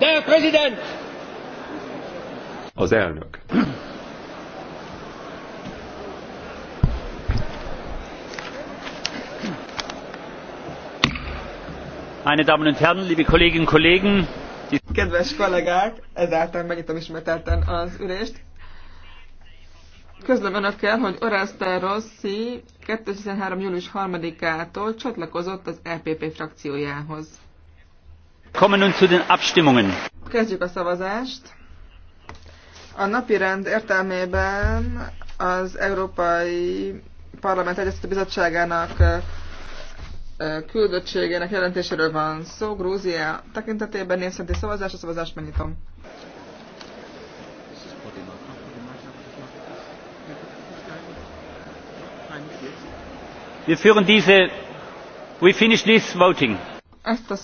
Der Präsident! Az elnök. Meine Damen und Herren, liebe Kolleginnen und Kollegen. Kedves kollégák, ezáltal megnyitom ismételten az ülést. Közlöm önökkel, hogy Oreste Rossi 2013. július 3-ától csatlakozott az EPP frakciójához kommen nun zu den Abstimmungen. Kezdjük a szavazást. A napi rend értelmében az Európai Parlament Egyeztető Bizottságának küldöttségének jelentéséről van szó. Grúzia tekintetében nézheti szavazás, a szavazást megnyitom. Wir führen diese, we finish this voting. Ezt a